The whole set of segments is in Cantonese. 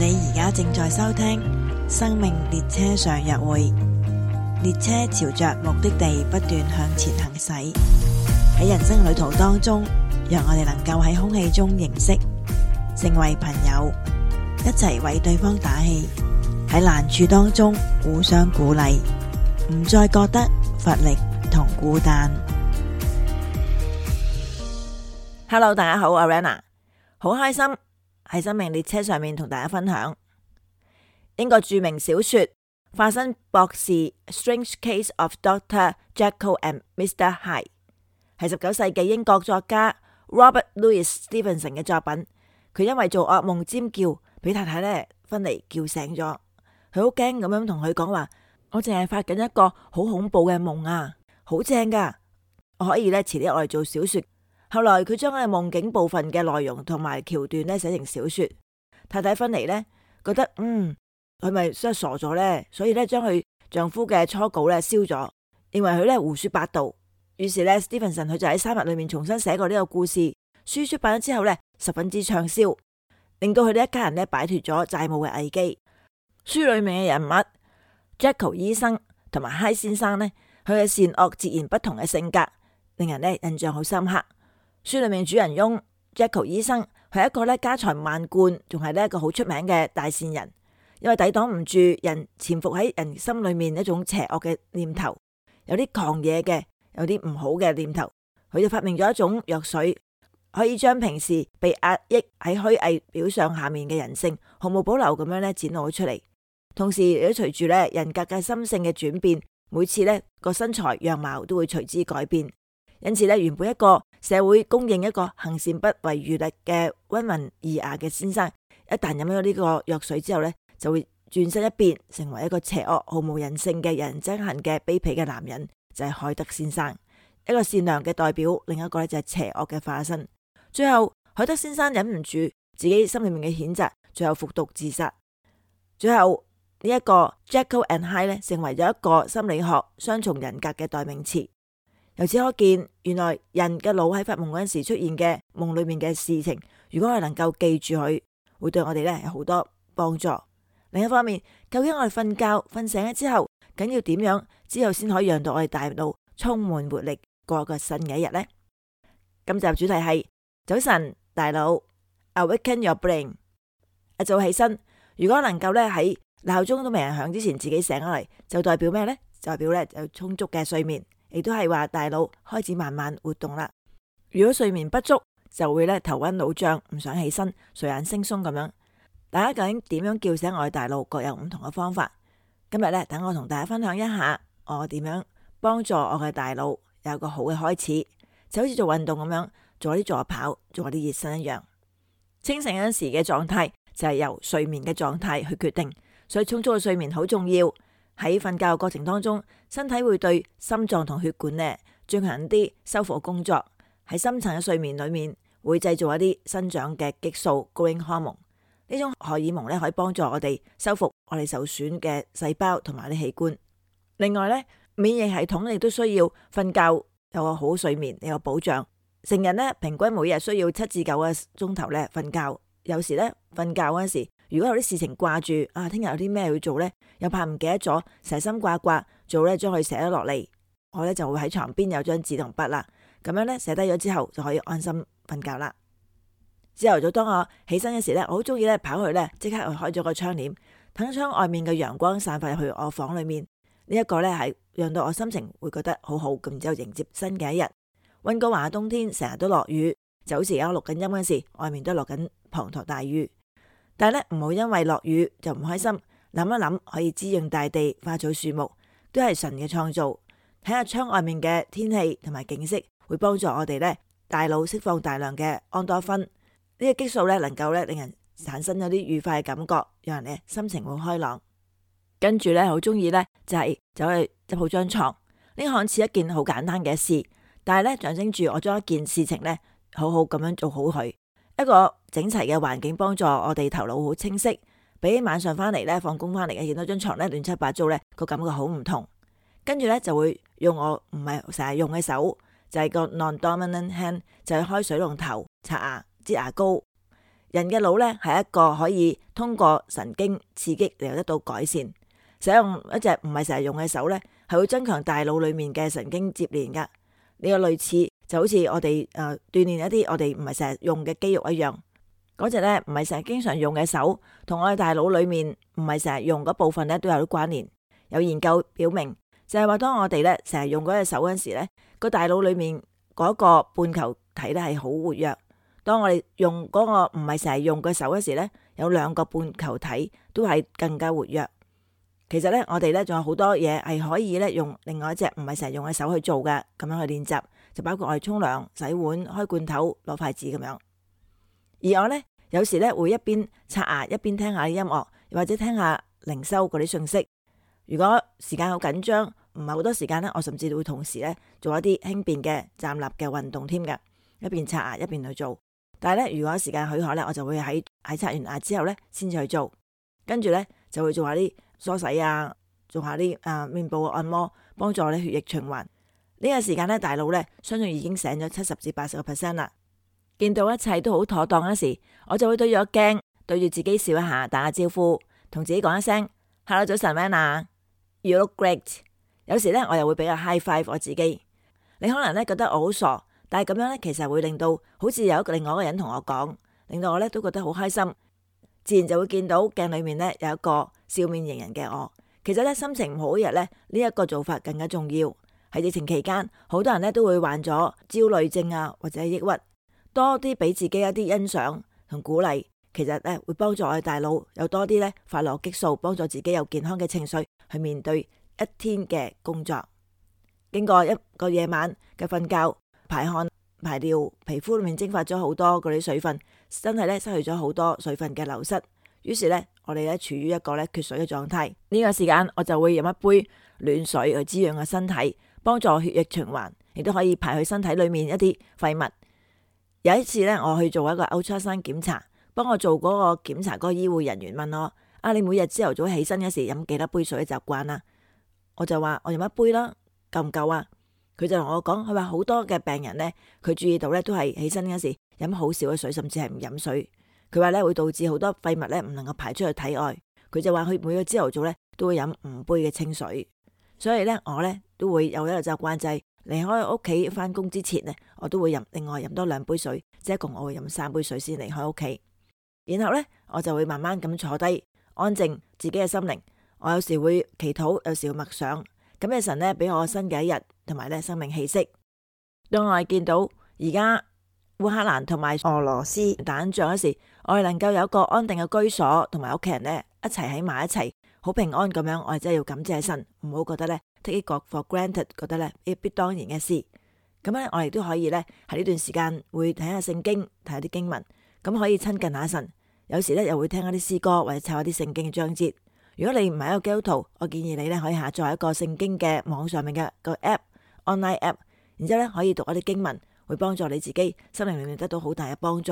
你而家正在收聽生命列車上入會，列車朝着目的地不斷向前行駛。喺人生旅途當中，讓我哋能夠喺空氣中認識，成為朋友，一齊為對方打氣。喺難處當中互相鼓勵，唔再覺得乏力同孤單。Hello，大家好，阿 Rana，好開心。喺生命列車上面同大家分享英國著名小說《化身博士》《Strange Case of Doctor Jekyll and Mr Hyde》係十九世紀英國作家 Robert Louis Stevenson 嘅作品。佢因為做惡夢尖叫，俾太太呢芬妮叫醒咗。佢好驚咁樣同佢講話：我淨係發緊一個好恐怖嘅夢啊，好正噶！我可以呢遲啲我做小說。後來佢將嘅夢境部分嘅內容同埋橋段咧寫成小說。太太芬妮呢，覺得嗯佢咪真係傻咗呢，所以咧將佢丈夫嘅初稿咧燒咗，認為佢咧胡說八道。於是呢 Stevenson 佢就喺三日裏面重新寫過呢個故事。書出版咗之後呢，十分之暢銷，令到佢哋一家人咧擺脫咗債務嘅危機。書裏面嘅人物 Jekyll 醫生同埋 Hyde 先生呢，佢嘅善惡截然不同嘅性格，令人呢印象好深刻。書裏面主人翁 Jekyll 醫生，係一個咧家財萬貫，仲係咧一個好出名嘅大善人。因為抵擋唔住人潛伏喺人心裏面一種邪惡嘅念頭，有啲狂野嘅，有啲唔好嘅念頭，佢就發明咗一種藥水，可以將平時被壓抑喺虛偽表象下面嘅人性毫無保留咁樣咧展露出嚟。同時，亦都隨住咧人格嘅心性嘅轉變，每次咧個身材樣貌都會隨之改變。因此呢，原本一個社會公認一個行善不遺餘力嘅溫文爾雅嘅先生，一旦飲咗呢個藥水之後呢，就會轉身一變，成為一個邪惡毫無人性嘅人憎恨嘅卑鄙嘅男人，就係、是、海德先生。一個善良嘅代表，另一個呢就係邪惡嘅化身。最後，海德先生忍唔住自己心裏面嘅譴責，最後服毒自殺。最後呢一、這個 Jekyll and Hyde 咧，成為咗一個心理學雙重人格嘅代名詞。由此可見，原來人嘅腦喺發夢嗰陣時出現嘅夢裏面嘅事情，如果我哋能夠記住佢，會對我哋咧有好多幫助。另一方面，究竟我哋瞓覺、瞓醒咗之後，緊要點樣之後先可以讓到我哋大腦充滿活力，過一個新嘅一日呢？今集主題係早晨大腦，Awaken your brain。一早起身，如果能夠咧喺鬧鐘都未響之前自己醒咗嚟，就代表咩呢？就代表咧有充足嘅睡眠。亦都係話大腦開始慢慢活動啦。如果睡眠不足，就會咧頭暈腦脹，唔想起身，睡眼惺忪咁樣。大家究竟點樣叫醒我嘅大腦？各有唔同嘅方法。今日咧，等我同大家分享一下我點樣幫助我嘅大腦有個好嘅開始，就好似做運動咁樣，做啲助跑，做啲熱身一樣。清醒嗰陣時嘅狀態就係由睡眠嘅狀態去決定，所以充足嘅睡眠好重要。喺瞓覺過程當中，身體會對心臟同血管咧進行啲修復工作。喺深層嘅睡眠裏面，會製造一啲生長嘅激素 （growth h o 呢種荷爾蒙咧可以幫助我哋修復我哋受損嘅細胞同埋啲器官。另外咧，免疫系統亦都需要瞓覺，有個好睡眠有個保障。成人咧，平均每日需要七至九個鐘頭咧瞓覺。有時咧，瞓覺嗰時，如果有啲事情掛住，啊，聽日有啲咩要做呢？又怕唔記得咗，成心掛掛做咧，將佢寫咗落嚟，我咧就會喺床邊有張紙同筆啦，咁樣呢寫低咗之後就可以安心瞓覺啦。朝頭早當我起身嘅時呢，我好中意咧跑去呢，即刻去開咗個窗簾，等窗外面嘅陽光散發入去我房裡面，呢、這、一個呢係讓到我心情會覺得好好咁，然之後迎接新嘅一日。温哥華冬天成日都落雨，就好似而家錄緊音嗰時，外面都落緊滂沱大雨。但係咧，唔好因為落雨就唔開心。諗一諗，可以滋潤大地、花草樹木，都係神嘅創造。睇下窗外面嘅天氣同埋景色，會幫助我哋咧大腦釋放大量嘅安多芬。呢、這個激素咧能夠咧令人產生有啲愉快嘅感覺，讓人咧心情會開朗。跟住咧、就是、好中意咧就係走去執好張床，呢看似一件好簡單嘅事，但係咧象徵住我將一件事情咧好好咁樣做好佢一個。整齊嘅環境幫助我哋頭腦好清晰，比起晚上翻嚟，咧，放工翻嚟嘅見到張床咧亂七八糟咧，個感覺好唔同。跟住咧就會用我唔係成日用嘅手，就係個 non-dominant hand，就係開水龍頭、刷牙、擠牙膏。人嘅腦咧係一個可以通過神經刺激嚟得到改善，使用一隻唔係成日用嘅手咧，係會增強大腦裏面嘅神經接連噶。呢個類似就好似我哋誒鍛煉一啲我哋唔係成日用嘅肌肉一樣。嗰隻咧唔係成日經常用嘅手，同我哋大腦裏面唔係成日用嗰部分咧都有啲關聯。有研究表明，就係話當我哋咧成日用嗰隻手嗰時咧，個大腦裏面嗰個半球體咧係好活躍。當我哋用嗰個唔係成日用嘅手嗰時咧，有兩個半球體都係更加活躍。其實咧，我哋咧仲有好多嘢係可以咧用另外一隻唔係成日用嘅手去做嘅，咁樣去練習，就包括我哋沖涼、洗碗、開罐頭、攞筷子咁樣。而我咧。有時咧會一邊刷牙一邊聽下音樂，又或者聽下靈修嗰啲信息。如果時間好緊張，唔係好多時間咧，我甚至會同時咧做一啲輕便嘅站立嘅運動添嘅，一邊刷牙一邊去做。但係咧，如果時間許可咧，我就會喺喺刷完牙之後咧先至去做，跟住咧就會做下啲梳洗啊，做下啲啊面部嘅按摩，幫助啲血液循環。呢個時間咧，大腦咧相信已經醒咗七十至八十個 percent 啦。見到一切都好妥當嗰時，我就會對住鏡，對住自己笑一下，打下招呼，同自己講一聲 ：，Hello，早晨 Rana，You look great。有時咧，我又會俾個 high five 我自己。你可能咧覺得我好傻，但係咁樣咧，其實會令到好似有一個另外一個人同我講，令到我咧都覺得好開心，自然就會見到鏡裏面咧有一個笑面迎人嘅我。其實咧，心情唔好嗰日咧，呢一個做法更加重要。喺疫情期間，好多人咧都會患咗焦慮症啊，或者抑鬱。多啲俾自己一啲欣賞同鼓勵，其實咧會幫助我嘅大腦有多啲咧快樂激素，幫助自己有健康嘅情緒去面對一天嘅工作。經過一個夜晚嘅瞓覺、排汗、排尿，皮膚裏面蒸發咗好多嗰啲水分，真係咧失去咗好多水分嘅流失。於是咧，我哋咧處於一個咧缺水嘅狀態。呢個時間我就會飲一杯暖水去滋養個身體，幫助血液循環，亦都可以排去身體裏面一啲廢物。有一次咧，我去做一個 Ultra Sound 檢查，幫我做嗰個檢查嗰個醫護人員問我，啊，你每日朝頭早起身嗰時飲幾多杯水嘅習慣啦？我就話我飲一杯啦，夠唔夠啊？佢就同我講，佢話好多嘅病人咧，佢注意到咧都係起身嗰時飲好少嘅水，甚至係唔飲水。佢話咧會導致好多廢物咧唔能夠排出去體外。佢就話佢每個朝頭早咧都會飲五杯嘅清水，所以咧我咧都會有一個習慣制。離開屋企返工之前呢，我都會飲另外飲多兩杯水，即係一共我會飲三杯水先離開屋企。然後呢，我就會慢慢咁坐低安靜自己嘅心靈。我有時會祈禱，有時會默想，咁嘅神呢，俾我新嘅一日，同埋呢生命氣息。當我哋見到而家烏克蘭同埋俄羅斯打仗嗰時，我哋能夠有一個安定嘅居所，同埋屋企人呢，一齊喺埋一齊，好平安咁樣，我哋真係要感謝神，唔好覺得呢。Take it for granted，覺得咧亦必當然嘅事，咁咧我哋都可以咧喺呢段時間會睇下聖經，睇下啲經文，咁可以親近下神。有時咧又會聽一啲詩歌或者抄一啲聖經嘅章節。如果你唔係一個基督徒，我建議你咧可以下載一個聖經嘅網上面嘅個 app，online app，然之後咧可以讀一啲經文，會幫助你自己心靈裡面得到好大嘅幫助，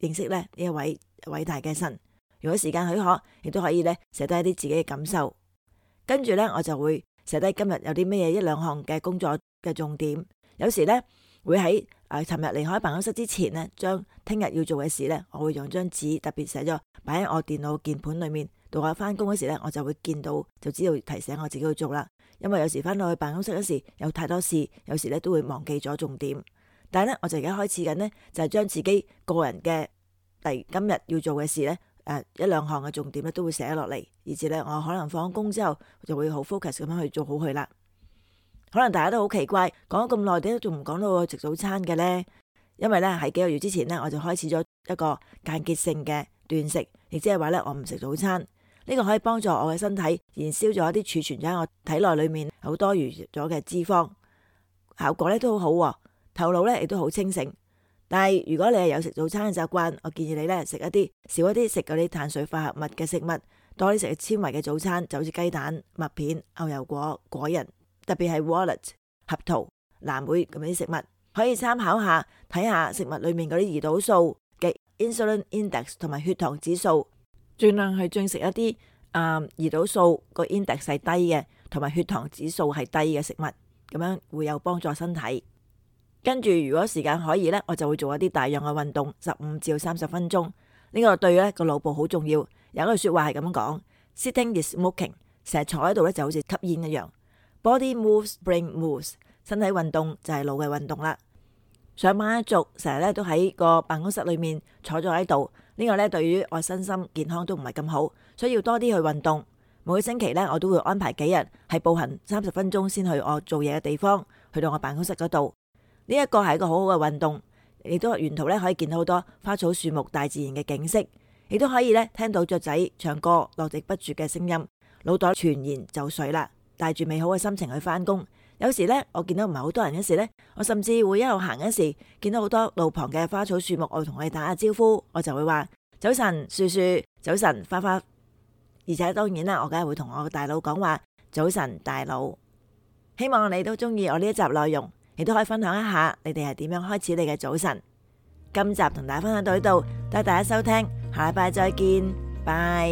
認識咧呢一位偉大嘅神。如果時間許可，亦都可以咧寫低一啲自己嘅感受。跟住咧我就會。寫低今日有啲乜嘢一兩項嘅工作嘅重點，有時咧會喺誒，尋日離開辦公室之前咧，將聽日要做嘅事咧，我會用張紙特別寫咗，擺喺我電腦鍵盤裏面，到我翻工嗰時咧，我就會見到，就知道提醒我自己去做啦。因為有時翻到去辦公室嗰時，有太多事，有時咧都會忘記咗重點。但係咧，我就而家開始緊咧，就係、是、將自己個人嘅例如今日要做嘅事咧。誒，一兩項嘅重點咧都會寫落嚟，而至咧我可能放工之後就會好 focus 咁樣去做好佢啦。可能大家都好奇怪，講咗咁耐，點解仲唔講到我食早餐嘅咧？因為咧喺幾個月之前咧，我就開始咗一個間歇性嘅斷食，亦即係話咧我唔食早餐。呢個可以幫助我嘅身體燃燒咗一啲儲存喺我體內裏面好多餘咗嘅脂肪，效果咧都好好，哦，頭腦咧亦都好清醒。但係如果你係有食早餐嘅習慣，我建議你咧食一啲少一啲食嗰啲碳水化合物嘅食物，多啲食纖維嘅早餐，就好似雞蛋、麥片、牛油果、果仁，特別係 walnuts、核桃、藍莓咁樣啲食物，可以參考下，睇下食物裡面嗰啲胰島素嘅 insulin index 同埋血糖指數，儘 量係進食一啲啊、嗯、胰島素個 index 係低嘅，同埋血糖指數係低嘅食物，咁樣會有幫助身體。跟住，如果時間可以呢，我就會做一啲大量嘅運動，十五至三十分鐘。呢、這個對咧個腦部好重要。有一句説話係咁講：sitting is smoking，成日坐喺度咧就好似吸煙一樣。Body moves, brain moves，身體運動就係腦嘅運動啦。上班一族成日咧都喺個辦公室裏面坐咗喺度，呢、這個咧對於我身心健康都唔係咁好，所以要多啲去運動。每星期咧我都會安排幾日係步行三十分鐘先去我做嘢嘅地方，去到我辦公室嗰度。呢一個係一個好好嘅運動，亦都沿途咧可以見到好多花草樹木、大自然嘅景色，亦都可以咧聽到雀仔唱歌、落地不絕嘅聲音，腦袋全然就緒啦，帶住美好嘅心情去返工。有時咧，我見到唔係好多人嘅時咧，我甚至會一路行嘅時見到好多路旁嘅花草樹木，我同佢哋打下招呼，我就會話早晨樹樹，早晨花花。而且當然啦，我梗係會同我嘅大佬講話早晨大佬。希望你都中意我呢一集內容。你都可以分享一下，你哋係點樣開始你嘅早晨？今集同大家分享到呢度，多謝大家收聽，下禮拜再見，拜。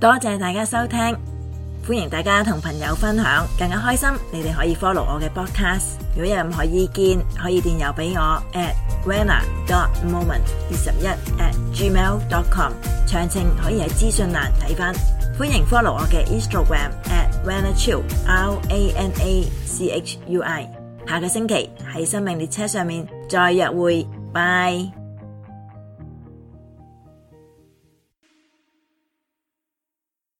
多謝大家收聽，歡迎大家同朋友分享，更加開心。你哋可以 follow 我嘅 podcast，如果有任何意見，可以電郵俾我 at rana dot moment 二十一 at gmail dot com，詳情可以喺資訊欄睇返。歡迎 follow 我嘅 Instagram at Rana Chui，下個星期喺生命列車上面再約會，拜。